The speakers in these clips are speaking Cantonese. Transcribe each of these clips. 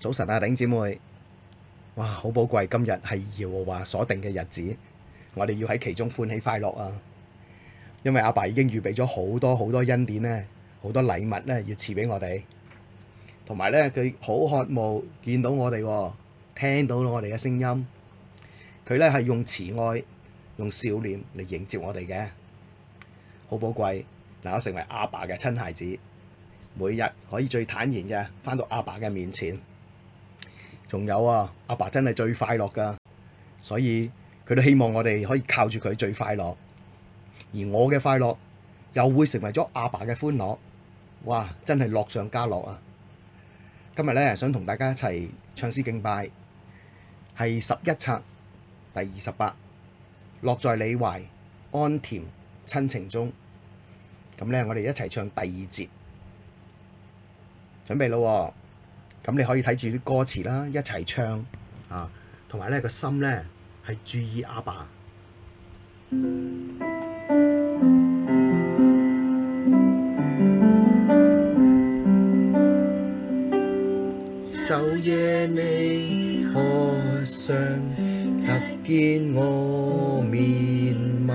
早晨啊，頂姐妹！哇，好寶貴，今日係耶和華所定嘅日子，我哋要喺其中歡喜快樂啊！因為阿爸，爸已經預備咗好多好多恩典咧，好多禮物咧，要賜俾我哋。同埋咧，佢好渴望見到我哋，啊，聽到我哋嘅聲音。佢咧係用慈愛、用笑臉嚟迎接我哋嘅。好寶貴，嗱，我成為阿爸嘅親孩子，每日可以最坦然嘅返到阿爸嘅面前。仲有啊，阿爸，爸真係最快樂噶，所以佢都希望我哋可以靠住佢最快樂，而我嘅快樂又會成為咗阿爸嘅歡樂，哇！真係樂上加樂啊！今日咧想同大家一齊唱詩敬拜，係十一冊第二十八，樂在祢懷安甜親情中，咁咧我哋一齊唱第二節，準備咯啊。咁你可以睇住啲歌詞啦，一齊唱啊，同埋咧個心咧係注意阿爸。晝夜祢渴想，得見我面貌。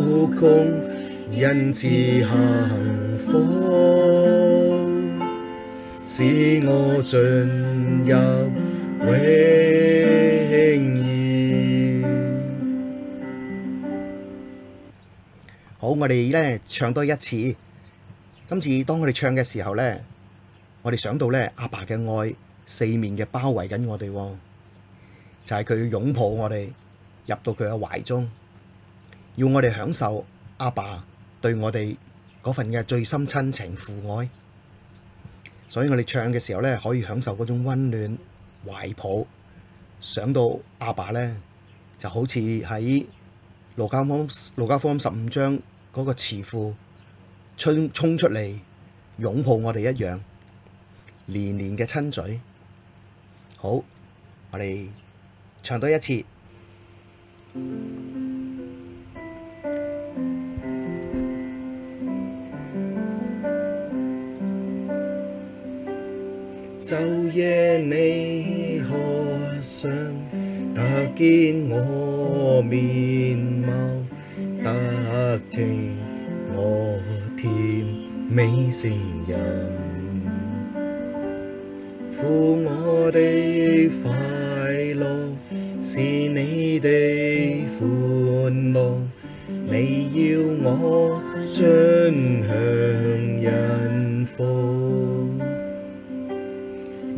無窮恩賜、幸福，使我進入榮耀。好，我哋咧唱多一次。今次當我哋唱嘅時候咧，我哋想到咧阿爸嘅愛四面嘅包圍緊我哋，就係佢要擁抱我哋入到佢嘅懷中。要我哋享受阿爸對我哋嗰份嘅最深親情父愛，所以我哋唱嘅時候咧，可以享受嗰種温暖懷抱。想到阿爸咧，就好似喺《路加福音》《路加福音》十五章嗰個慈父衝衝出嚟擁抱我哋一樣，年年嘅親嘴。好，我哋唱多一次。晝夜你渴想得見我面貌，得聽我甜美聲音。父，我的快樂，是你的歡樂。你要我盡享恩福。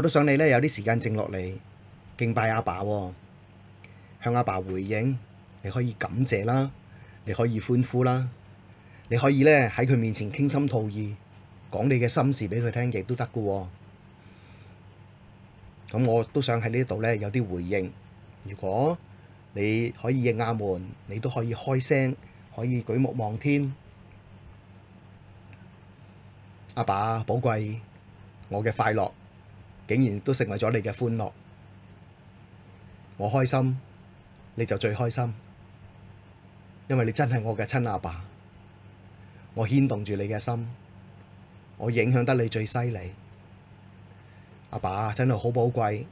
我都想你咧，有啲時間靜落嚟，敬拜阿爸喎，向阿爸回應，你可以感謝啦，你可以歡呼啦，你可以咧喺佢面前傾心吐意，講你嘅心事俾佢聽，亦都得㗎喎。咁我都想喺呢度咧有啲回應。如果你可以認阿門，你都可以開聲，可以舉目望天。阿爸寶貴，我嘅快樂。竟然都成為咗你嘅歡樂，我開心你就最開心，因為你真係我嘅親阿爸，我牽動住你嘅心，我影響得你最犀利，阿爸真係好寶貴，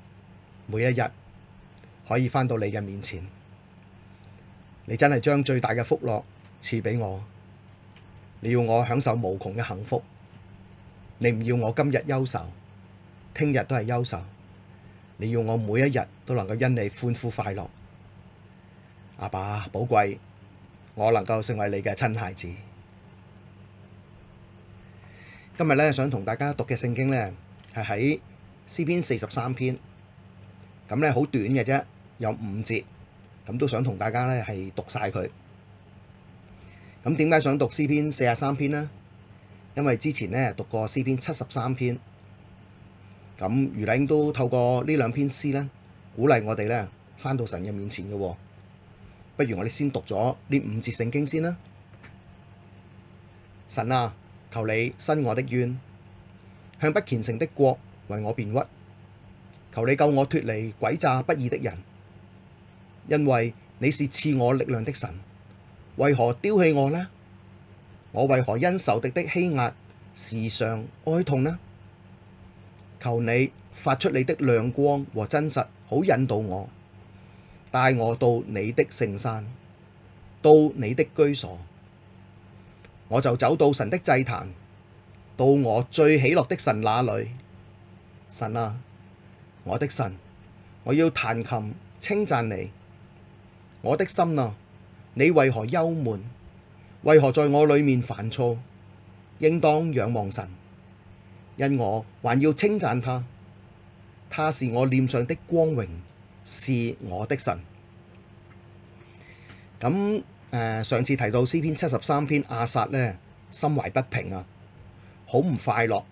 每一日可以返到你嘅面前，你真係將最大嘅福樂賜俾我，你要我享受無窮嘅幸福，你唔要我今日憂愁。聽日都係憂愁，你要我每一日都能夠因你歡呼快樂。阿爸，寶貴，我能夠成為你嘅親孩子。今日咧想同大家讀嘅聖經咧係喺詩篇四十三篇，咁咧好短嘅啫，有五節，咁都想同大家咧係讀晒佢。咁點解想讀詩篇四十三篇呢？因為之前咧讀過詩篇七十三篇。咁余麗都透過呢兩篇詩呢，鼓勵我哋呢返到神嘅面前嘅、哦。不如我哋先讀咗呢五節聖經先啦。神啊，求你伸我的冤，向不虔誠的國為我辯屈。求你救我脫離詭詐不義的人，因為你是賜我力量的神，為何丟棄我呢？我為何因仇敵的欺壓時常哀痛呢？求你發出你的亮光和真實，好引導我，帶我到你的聖山，到你的居所，我就走到神的祭壇，到我最喜樂的神那裡。神啊，我的神，我要彈琴稱讚你。我的心哪，你為何憂悶？為何在我裡面煩躁？應當仰望神。因我還要稱讚他，他是我臉上的光榮，是我的神。咁誒、呃，上次提到詩篇七十三篇，亞薩呢心懷不平啊，好唔快樂。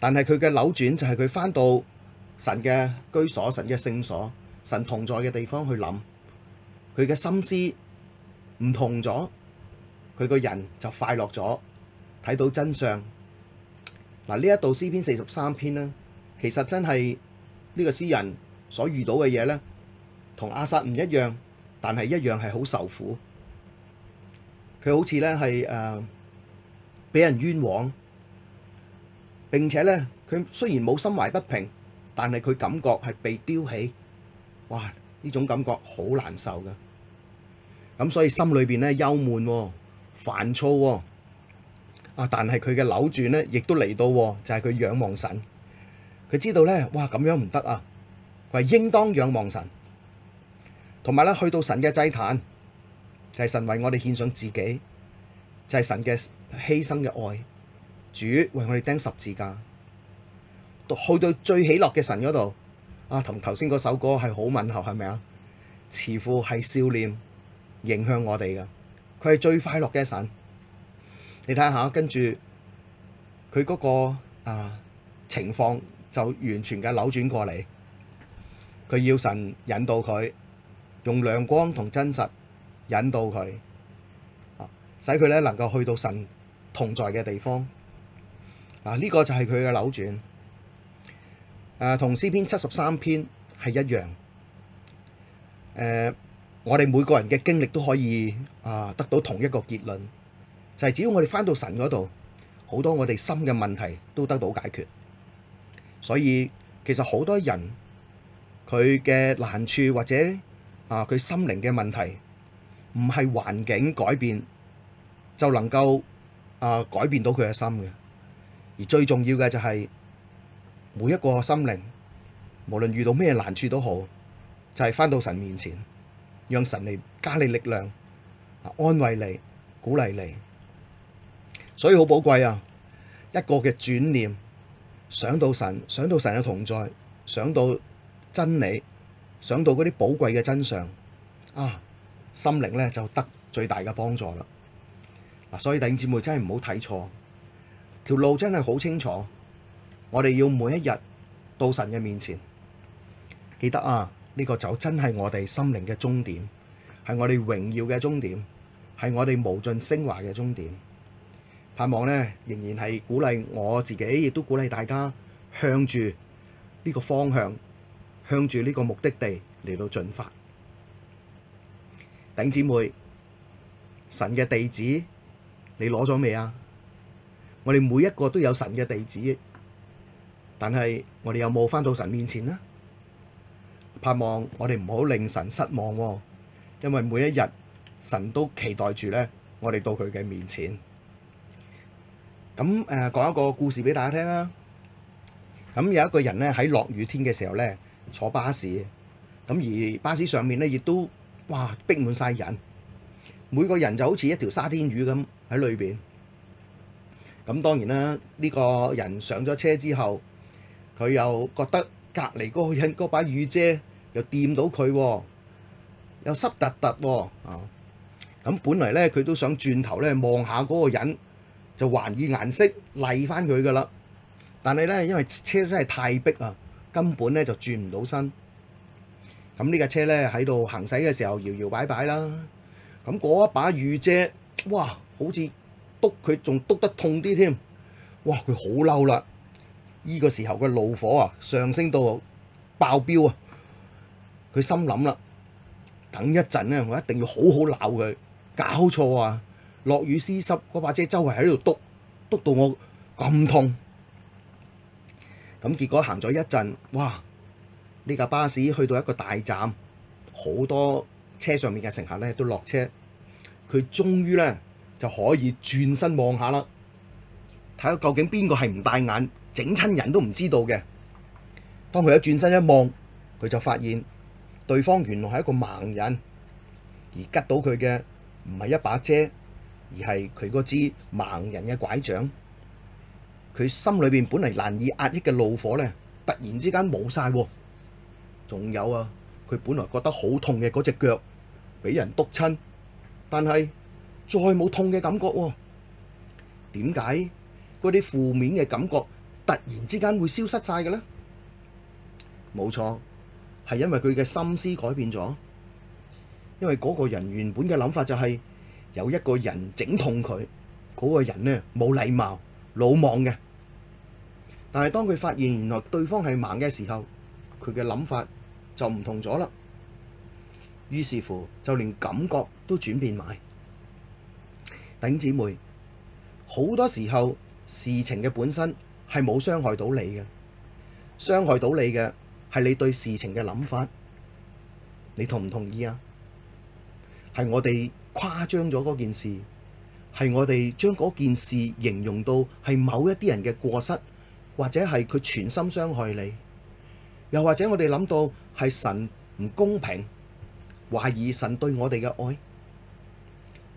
但係佢嘅扭轉就係佢翻到神嘅居所、神嘅聖所、神同在嘅地方去諗，佢嘅心思唔同咗，佢個人就快樂咗，睇到真相。嗱，呢一度詩篇四十三篇咧，其實真係呢、呢個詩人所遇到嘅嘢呢，同阿薩唔一樣，但係一樣係好受苦。佢好似呢係誒俾人冤枉，並且呢，佢雖然冇心懷不平，但係佢感覺係被丟棄，哇！呢種感覺好難受噶。咁所以心裏邊呢，憂悶喎、啊，煩躁喎。.啊！但係佢嘅扭轉咧，亦都嚟到、哦，就係、是、佢仰望神。佢知道咧，哇咁樣唔得啊！佢係應當仰望神。同埋咧，去到神嘅祭壇，就係、是、神為我哋獻上自己，就係、是、神嘅犧牲嘅愛。主為我哋釘十字架，去到最喜樂嘅神嗰度。啊，同頭先嗰首歌係好吻合，係咪啊？慈父係笑臉迎向我哋嘅，佢係最快樂嘅神。你睇下，跟住佢嗰個啊情況就完全嘅扭轉過嚟。佢要神引導佢，用亮光同真實引導佢，啊，使佢咧能夠去到神同在嘅地方。嗱、啊，呢、這個就係佢嘅扭轉。誒、啊，同詩篇七十三篇係一樣。誒、啊，我哋每個人嘅經歷都可以啊得到同一個結論。就係只要我哋翻到神嗰度，好多我哋心嘅問題都得到解決。所以其實好多人佢嘅難處或者啊佢心靈嘅問題，唔係環境改變就能夠啊改變到佢嘅心嘅。而最重要嘅就係、是、每一個心靈，無論遇到咩難處都好，就係、是、翻到神面前，讓神嚟加你力，力量，安慰你，鼓勵你。所以好寶貴啊！一個嘅轉念，想到神，想到神嘅同在，想到真理，想到嗰啲寶貴嘅真相啊，心靈咧就得最大嘅幫助啦。所以弟姐妹真係唔好睇錯，條路真係好清楚。我哋要每一日到神嘅面前，記得啊，呢個就真係我哋心靈嘅終點，係我哋榮耀嘅終點，係我哋無盡升華嘅終點。盼望咧，仍然係鼓勵我自己，亦都鼓勵大家向住呢個方向，向住呢個目的地嚟到進發。頂姊妹，神嘅地址你攞咗未啊？我哋每一個都有神嘅地址，但係我哋有冇翻到神面前咧？盼望我哋唔好令神失望，哦，因為每一日神都期待住咧，我哋到佢嘅面前。咁誒講一個故事俾大家聽啦。咁有一個人咧，喺落雨天嘅時候咧坐巴士，咁而巴士上面咧亦都哇逼滿曬人，每個人就好似一條沙甸魚咁喺裏邊。咁當然啦，呢個人上咗車之後，佢又覺得隔離個人嗰把雨遮又掂到佢，又濕突突喎啊！咁本嚟咧，佢都想轉頭咧望下嗰個人，就還以顏色，駛翻佢噶啦！但係咧，因為車真係太逼啊，根本咧就轉唔到身。咁、嗯呢個、呢架車咧喺度行駛嘅時候搖搖擺擺啦。咁嗰、嗯、一把雨遮，哇，好似督佢仲督得痛啲添。哇，佢好嬲啦！呢、呢個時候嘅怒火啊，上升到爆表啊！佢心諗啦，等一陣咧，我一定要好好鬧佢，搞錯啊！落雨濕濕，嗰把遮周圍喺度篤篤到我咁痛。咁結果行咗一陣，哇！呢架巴士去到一個大站，好多車上面嘅乘客咧都落車。佢終於咧就可以轉身望下啦，睇下究竟邊個係唔戴眼，整親人都唔知道嘅。當佢一轉身一望，佢就發現對方原來係一個盲人，而吉到佢嘅唔係一把遮。而係佢嗰支盲人嘅拐杖，佢心裏邊本嚟難以壓抑嘅怒火呢，突然之間冇晒。仲有啊，佢本來覺得好痛嘅嗰隻腳俾人篤親，但係再冇痛嘅感覺。點解嗰啲負面嘅感覺突然之間會消失晒嘅呢？冇錯，係因為佢嘅心思改變咗。因為嗰個人原本嘅諗法就係。有一個人整痛佢，嗰個人呢，冇禮貌、魯莽嘅。但係當佢發現原來對方係盲嘅時候，佢嘅諗法就唔同咗啦。於是乎，就連感覺都轉變埋。頂姊妹，好多時候事情嘅本身係冇傷害到你嘅，傷害到你嘅係你對事情嘅諗法。你同唔同意啊？係我哋誇張咗嗰件事，係我哋將嗰件事形容到係某一啲人嘅過失，或者係佢全心傷害你，又或者我哋諗到係神唔公平，懷疑神對我哋嘅愛。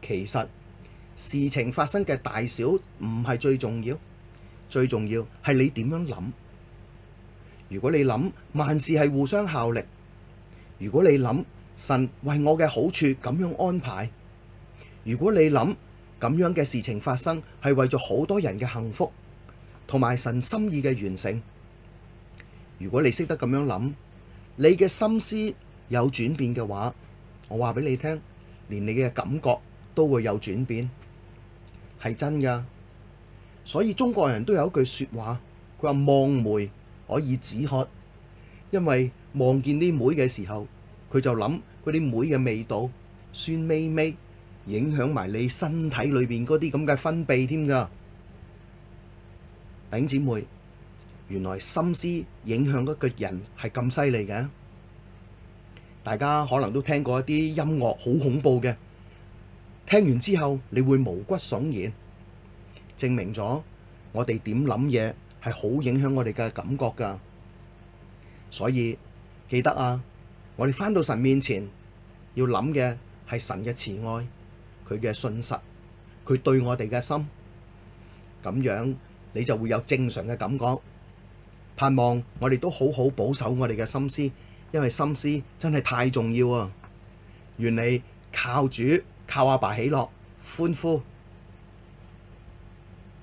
其實事情發生嘅大小唔係最重要，最重要係你點樣諗。如果你諗萬事係互相效力，如果你諗神為我嘅好處，咁樣安排。如果你諗咁樣嘅事情發生，係為咗好多人嘅幸福，同埋神心意嘅完成。如果你識得咁樣諗，你嘅心思有轉變嘅話，我話俾你聽，連你嘅感覺都會有轉變，係真噶。所以中國人都有一句說話，佢話望梅可以止渴，因為望見啲梅嘅時候，佢就諗嗰啲梅嘅味道酸微微。影響埋你身體裏邊嗰啲咁嘅分泌，添㗎，弟兄姊妹，原來心思影響嗰個人係咁犀利嘅。大家可能都聽過一啲音樂好恐怖嘅，聽完之後你會毛骨悚然，證明咗我哋點諗嘢係好影響我哋嘅感覺㗎。所以記得啊，我哋翻到神面前要諗嘅係神嘅慈愛。佢嘅信實，佢對我哋嘅心，咁樣你就會有正常嘅感覺。盼望我哋都好好保守我哋嘅心思，因為心思真係太重要啊！原嚟靠主、靠阿爸喜樂、歡呼。